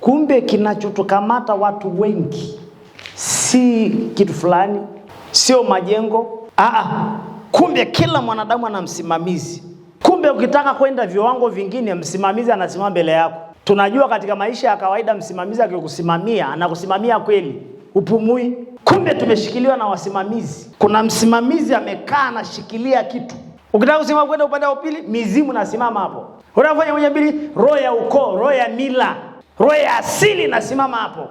Kumbe kinachotukamata watu wengi si kitu fulani, sio majengo aa, kumbe kila mwanadamu ana msimamizi. Kumbe ukitaka kwenda viwango vingine, msimamizi anasimama mbele yako. Tunajua katika maisha ya kawaida, msimamizi akikusimamia anakusimamia kweli, upumui. Kumbe tumeshikiliwa na wasimamizi. Kuna msimamizi amekaa anashikilia kitu. Ukitaka kusimama kwenda upande wa pili, mizimu nasimama hapo. Unafanya moja mbili, roho ya ukoo, roho ya mila roho ya asili inasimama hapo.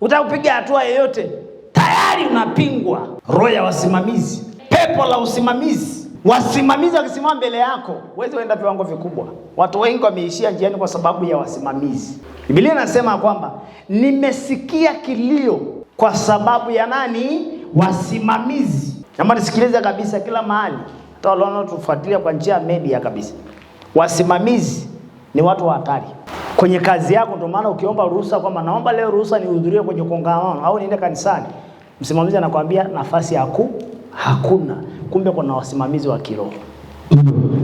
Utakupiga hatua yoyote, tayari unapingwa. Roho ya wasimamizi, pepo la usimamizi. Wasimamizi wakisimama mbele yako, huwezi uenda viwango vikubwa. Watu wengi wameishia njiani kwa sababu ya wasimamizi. Biblia inasema kwamba nimesikia kilio kwa sababu ya nani? Wasimamizi. Naomba nisikilize kabisa, kila mahali, hata wale wanaotufuatilia kwa njia ya media kabisa, wasimamizi ni watu wa hatari kwenye kazi yako. Ndio maana ukiomba ruhusa kwamba naomba leo ruhusa nihudhurie kwenye kongamano au niende kanisani, msimamizi anakwambia nafasi yaku hakuna. Kumbe kuna wasimamizi wa kiroho.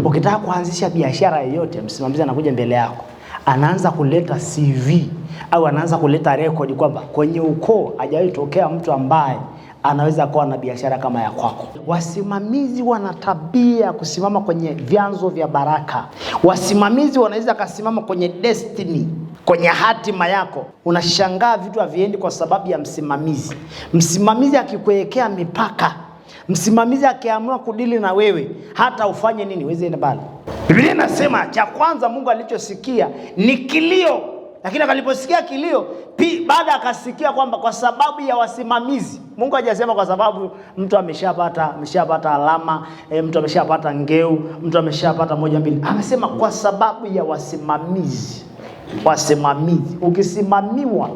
Ukitaka kuanzisha biashara yoyote, msimamizi anakuja mbele yako, anaanza kuleta CV au anaanza kuleta rekodi kwamba kwenye ukoo hajawahi tokea mtu ambaye anaweza kuwa na biashara kama ya kwako. Wasimamizi wana tabia ya kusimama kwenye vyanzo vya baraka. Wasimamizi wanaweza kasimama kwenye destiny, kwenye hatima yako. Unashangaa vitu haviendi kwa sababu ya msimamizi. Msimamizi akikuwekea mipaka, msimamizi akiamua kudili na wewe, hata ufanye nini, wezenda bali. Biblia inasema cha kwanza Mungu alichosikia ni kilio lakini akaliposikia kilio baada akasikia kwamba kwa sababu ya wasimamizi. Mungu hajasema kwa sababu mtu ameshapata ameshapata alama e, mtu ameshapata ngeu, mtu ameshapata moja mbili, amesema kwa sababu ya wasimamizi. Wasimamizi, ukisimamiwa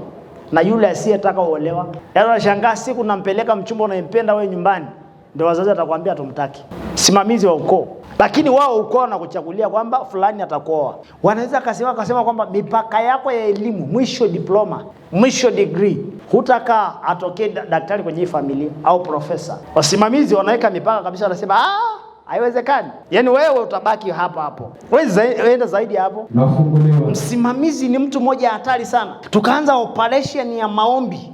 na yule asiyetaka uolewa, yaani unashangaa siku nampeleka mchumba unayempenda wewe nyumbani, ndio wazazi atakwambia tumtaki. Simamizi wa ukoo lakini wao na kuchagulia kwamba fulani atakuoa. Wanaweza akasema akasema kwamba mipaka yako ya elimu, mwisho diploma, mwisho degree, hutakaa atokee daktari kwenye hii familia au profesa. Wasimamizi wanaweka mipaka kabisa, wanasema ah, haiwezekani. Yaani wewe utabaki hapa hapo, enda zaidi hapo. Msimamizi ni mtu mmoja hatari sana. Tukaanza operation ya maombi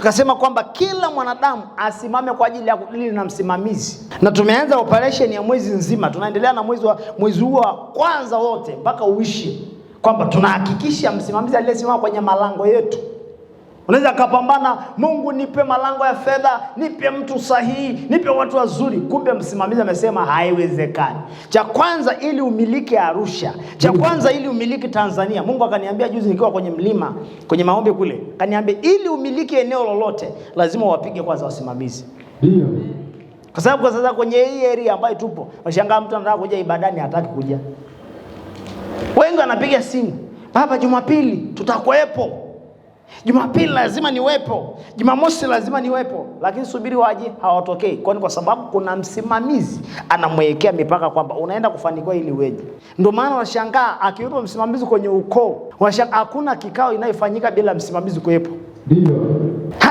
tukasema kwamba kila mwanadamu asimame kwa ajili ya kudili na msimamizi, na tumeanza operation ya mwezi nzima, tunaendelea na mwezi wa mwezi huu wa kwanza wote mpaka uishi, kwamba tunahakikisha msimamizi aliyesimama kwenye malango yetu Unaweza akapambana, Mungu nipe malango ya fedha, nipe mtu sahihi, nipe watu wazuri. Kumbe msimamizi amesema haiwezekani. Cha kwanza ili umiliki Arusha, cha kwanza ili umiliki Tanzania. Mungu akaniambia juzi nikiwa kwenye mlima kwenye maombi kule, akaniambia ili umiliki eneo lolote lazima wapige kwanza wasimamizi, ndio kwa sababu kwa sasa kwenye hii area ambayo tupo, washangaa mtu anataka kuja ibadani hataki kuja. Wengi wanapiga simu, baba, Jumapili tutakuwepo Jumapili lazima niwepo, Jumamosi lazima niwepo, lakini subiri waje, hawatokei. nini? kwa sababu kuna msimamizi anamwekea mipaka kwamba unaenda kufanikiwa ili uweje. Ndio maana washangaa akiwepo msimamizi kwenye ukoo, washangaa hakuna kikao inayofanyika bila msimamizi kuwepo. Ndio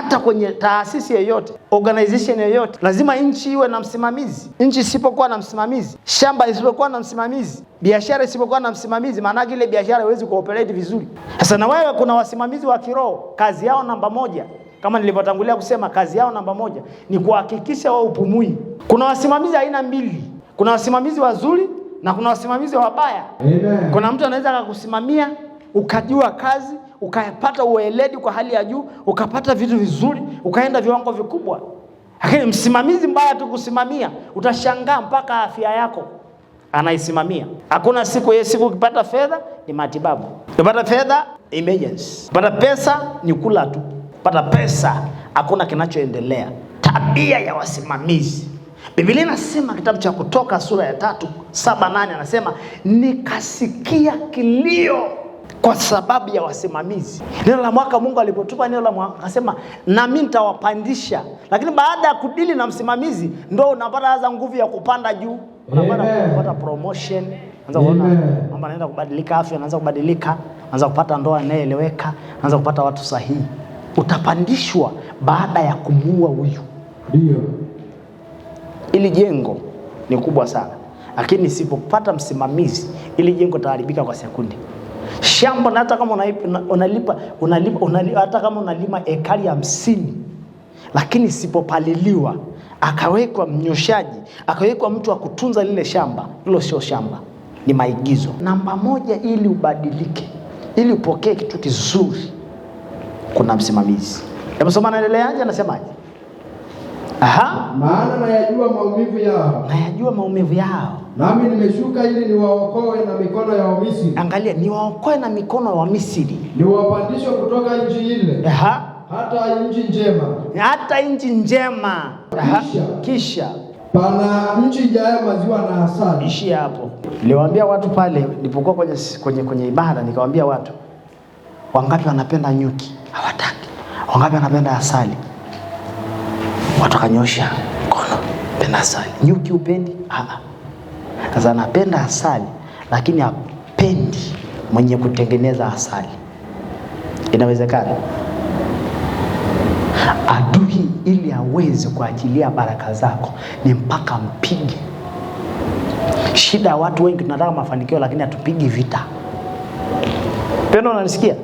hata kwenye taasisi yoyote, organization yoyote, lazima nchi iwe na msimamizi. Nchi isipokuwa na msimamizi, shamba isipokuwa na msimamizi, biashara isipokuwa na msimamizi, maanake ile biashara haiwezi kuoperate vizuri. Sasa na wewe, kuna wasimamizi wa kiroho, kazi yao namba moja kama nilivyotangulia kusema, kazi yao namba moja ni kuhakikisha wao upumui. Kuna wasimamizi aina mbili, kuna wasimamizi wazuri na kuna wasimamizi wabaya. Amen. Kuna mtu anaweza akakusimamia ukajua kazi, ukapata ueledi kwa hali ya juu, ukapata vitu vizuri, ukaenda viwango vikubwa. Lakini msimamizi mbaya tu kusimamia, utashangaa mpaka afya yako anaisimamia. Hakuna siku ye siku ukipata fedha ni matibabu, ukipata fedha emergency, ukipata pesa ni kula tu, ukipata pesa hakuna kinachoendelea. Tabia ya wasimamizi Biblia inasema kitabu cha Kutoka sura ya tatu saba nane anasema nikasikia kilio kwa sababu ya wasimamizi. Neno la mwaka, Mungu alipotupa neno la mwaka akasema, nami nitawapandisha, lakini baada ya kudili na msimamizi ndo unapata hasa nguvu ya kupanda juu, unapata kupata promotion, anza kuona mambo anaenda kubadilika, afya anaanza kubadilika, anza kupata ndoa inayoeleweka, anza kupata watu sahihi. Utapandishwa baada ya kumuua huyu. Ndio ili jengo ni kubwa sana, lakini sipopata msimamizi, ili jengo taharibika kwa sekundi shamba na hata kama unalipa, unalipa, unalipa, unalipa, hata kama unalima ekari hamsini lakini isipopaliliwa akawekwa mnyoshaji akawekwa mtu wa kutunza lile shamba, hilo sio shamba, ni maigizo. Namba moja, ili ubadilike, ili upokee kitu kizuri, kuna msimamizi. Hebu soma, anaendeleaje? Anasemaje? Aha. Maana nayajua maumivu yao, nayajua maumivu yao, nami nimeshuka ili niwaokoe na mikono ya Wamisri. Angalia, niwaokoe na mikono ya Wamisri, niwapandishe kutoka nchi ile Aha. hata nchi njema, hata nchi njema. Aha. Kisha, kisha pana nchi ijayo maziwa na asali. Ishi hapo. Niliwaambia watu pale nilipokuwa kwenye, kwenye, kwenye ibada, nikawaambia watu wangapi wanapenda nyuki? Hawataki. Wangapi wanapenda asali? watu wakanyosha mkono, penda asali. Nyuki upendi? Sasa anapenda asali, lakini apendi mwenye kutengeneza asali. Inawezekana adui ili aweze kuachilia baraka zako ni mpaka mpige. Shida ya watu wengi, tunataka mafanikio lakini hatupigi vita. Pendo, unanisikia?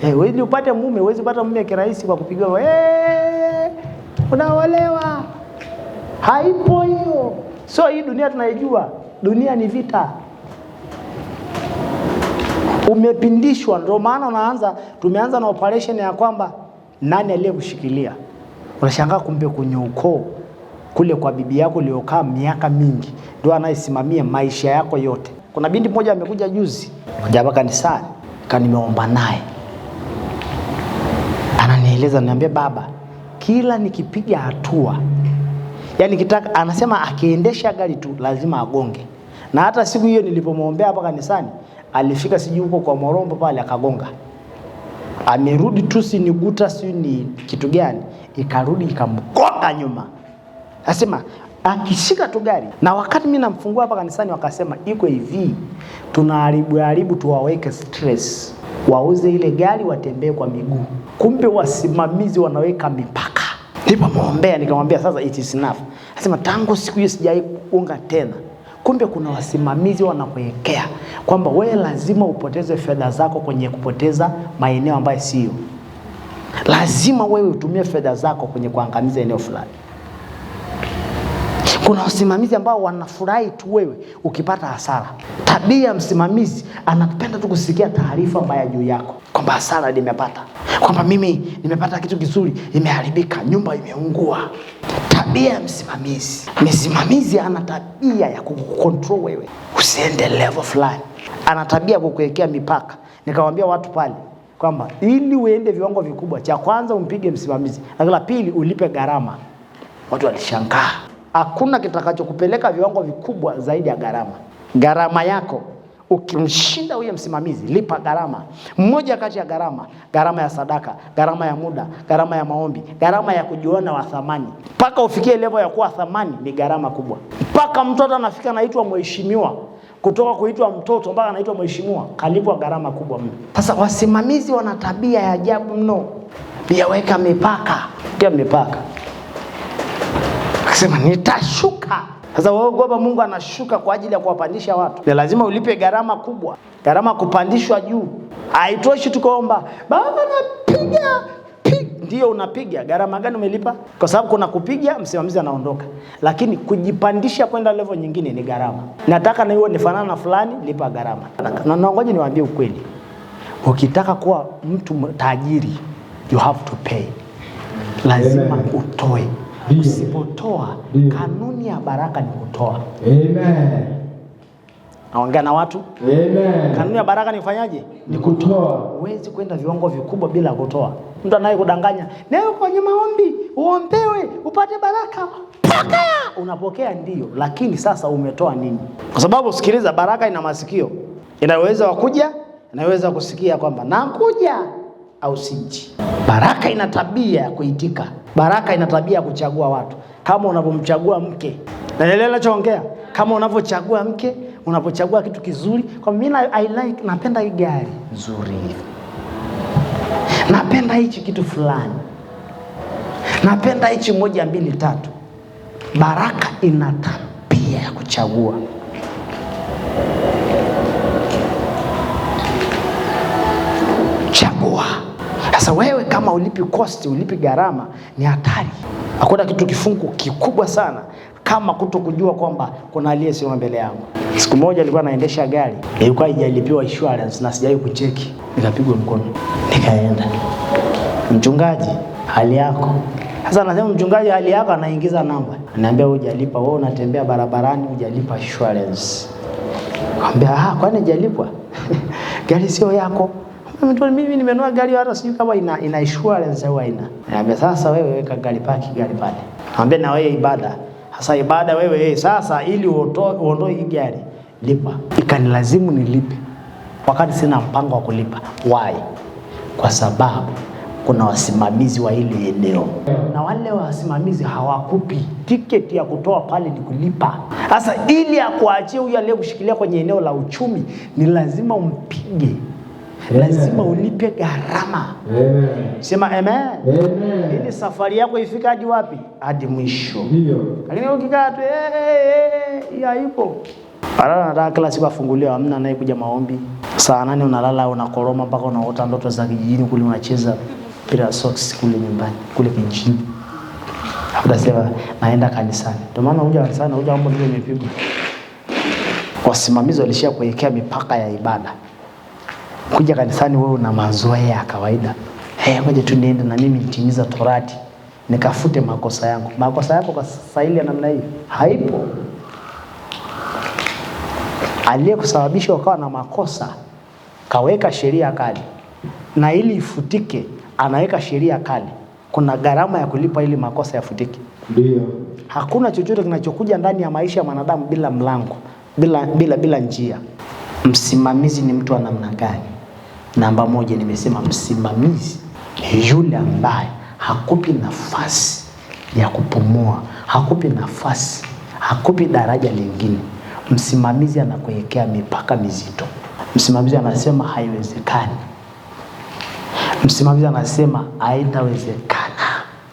Hey, eh, wezi upate mume, wezi kupata mume kirahisi kwa kupigwa hey! unaolewa. Haipo hiyo, sio hii dunia tunaijua. Dunia ni vita, umepindishwa. Ndio maana unaanza, tumeanza na operation ya kwamba nani aliyekushikilia. Unashangaa kumbe kwenye ukoo kule kwa bibi yako uliokaa miaka mingi ndio anayesimamia maisha yako yote. Kuna binti mmoja amekuja juzi moja hapa kanisani, kanimeomba naye, ananieleza niambia, baba kila nikipiga hatua, yani kitaka, anasema akiendesha gari tu lazima agonge. Na hata siku hiyo nilipomwombea hapa kanisani, alifika sijui huko kwa Morombo pale akagonga, amerudi tu, si ni guta, si ni kitu gani, ikarudi ikamgonga nyuma. Anasema akishika tu gari, na wakati mimi namfungua hapa kanisani, wakasema iko hivi, tunaharibu haribu, tuwaweke stress wauze ile gari watembee kwa miguu. Kumbe wasimamizi wanaweka mipaka. Nilipomwombea nikamwambia sasa it is enough. Anasema tangu siku hiyo sijai kuunga tena. Kumbe kuna wasimamizi wanakuwekea kwamba wewe lazima upoteze fedha zako kwenye kupoteza maeneo ambayo sio. Lazima wewe utumie fedha zako kwenye kuangamiza eneo fulani. Kuna wasimamizi ambao wanafurahi tu wewe ukipata hasara. Tabia msimamizi anapenda tu kusikia taarifa mbaya juu yako, kwamba hasara nimepata, kwamba mimi nimepata kitu kizuri, imeharibika, nyumba imeungua. Tabia ya msimamizi, msimamizi ana tabia ya kukukontrol wewe usiende level fulani, ana tabia ya kukuwekea mipaka. Nikamwambia watu pale kwamba ili uende viwango vikubwa, cha kwanza umpige msimamizi, lakini la pili ulipe gharama. Watu walishangaa hakuna kitakachokupeleka viwango vikubwa zaidi ya gharama. Gharama yako ukimshinda huyo msimamizi, lipa gharama. Mmoja kati ya gharama, gharama ya sadaka, gharama ya muda, gharama ya maombi, gharama ya kujiona wa thamani. Mpaka ufikie level ya kuwa thamani ni gharama kubwa, mpaka mtoto anafika anaitwa mheshimiwa kutoka kuitwa mtoto mpaka anaitwa mheshimiwa, kalipwa gharama kubwa mno. Sasa wasimamizi wana tabia ya ajabu mno, yaweka mipaka, kia mipaka Akasema nitashuka. Sasa waogopa Mungu anashuka kwa ajili ya kuwapandisha watu, ni lazima ulipe gharama kubwa, gharama kupandishwa juu. Haitoshi tukaomba Baba napiga ndio unapiga. Gharama gani umelipa? Kwa sababu kuna kupiga, msimamizi anaondoka, lakini kujipandisha kwenda level nyingine ni gharama. Nataka na iwe nifanana na fulani, lipa gharama. Na naongoje niwaambie ukweli, ukitaka kuwa mtu tajiri, you have to pay, lazima utoe usipotoa. Kanuni ya baraka ni kutoa. Amen. Naongea na watu Amen. Kanuni ya baraka ni kufanyaje? Ni kutoa. Huwezi kwenda viwango vikubwa bila kutoa. Mtu anayekudanganya nawe kwenye maombi uombewe upate baraka, pokea. Unapokea ndio, lakini sasa umetoa nini? Kwa sababu sikiliza, baraka ina masikio, inaweza wakuja inaweza kusikia kwamba nakuja au siji. Baraka ina tabia ya kuitika. Baraka ina tabia kuchagua watu kama unavyomchagua mke. Naelewa ninachoongea? Kama unavyochagua mke, unavyochagua kitu kizuri. Kwa mimi na I like, napenda hii gari nzuri hivi, napenda hichi kitu fulani, napenda hichi moja mbili tatu. Baraka ina tabia ya kuchagua. Chagua. Sasa wewe kama ulipi cost, ulipi gharama, ni hatari. Hakuna kitu kifungu kikubwa sana kama kuto kujua kwamba kuna aliyesimama mbele yangu. Siku moja nilikuwa naendesha gari, ilikuwa haijalipiwa insurance na sijawahi kucheki, nikapigwa mkono, nikaenda mchungaji, hali yako sasa Nasema mchungaji, hali yako, anaingiza namba, anaambia hujalipa wewe, unatembea barabarani, hujalipa insurance. Kwambia ah, kwani hujalipwa? gari sio yako. Mtu mimi nimenua gari hata sijui kama ina ina insurance au haina. Niambia sasa wewe weka gari paki gari pale. Niambia na wewe ibada. Sasa ibada wewe hey, sasa ili uondoe uondoe hii gari lipa. Ikanilazimu nilipe. Wakati sina mpango wa kulipa. Why? Kwa sababu kuna wasimamizi wa hili eneo na wale wasimamizi hawakupi tiketi ya kutoa pale ni kulipa. Sasa ili akuachie huyo aliyekushikilia kwenye eneo la uchumi, ni lazima umpige lazima ulipe gharama. Amen. Sema amen. Amen. Ili safari yako ifika hadi wapi? Hadi mwisho. Lakini ukikaa tu eh eh yaipo eh, Alala nataka kila siku afunguliwa, hamna kuja maombi. Saa nane unalala unakoroma mpaka unaota ndoto za kijijini kule, unacheza mpira socks kule nyumbani kule kijijini, utasema naenda kanisani. Ndio maana unja kanisani, unja mambo ndio imepigwa. Wasimamizi walishia kuwekea mipaka ya ibada kuja kanisani wewe una mazoea ya kawaida. Hey, eh, ngoja tu niende na mimi nitimiza torati nikafute makosa yangu. Makosa yako kwa sasa ile namna hii haipo. Aliyekusababisha ukawa na makosa kaweka sheria kali, na ili ifutike anaweka sheria kali. Kuna gharama ya kulipa ili makosa yafutike. Ndio, hakuna chochote kinachokuja ndani ya maisha ya mwanadamu bila mlango, bila, bila, bila njia. Msimamizi ni mtu wa namna gani? Namba moja, nimesema msimamizi ni yule ambaye hakupi nafasi ya kupumua, hakupi nafasi, hakupi daraja lingine. Msimamizi anakuwekea mipaka mizito. Msimamizi anasema haiwezekani. Msimamizi anasema haitawezekana.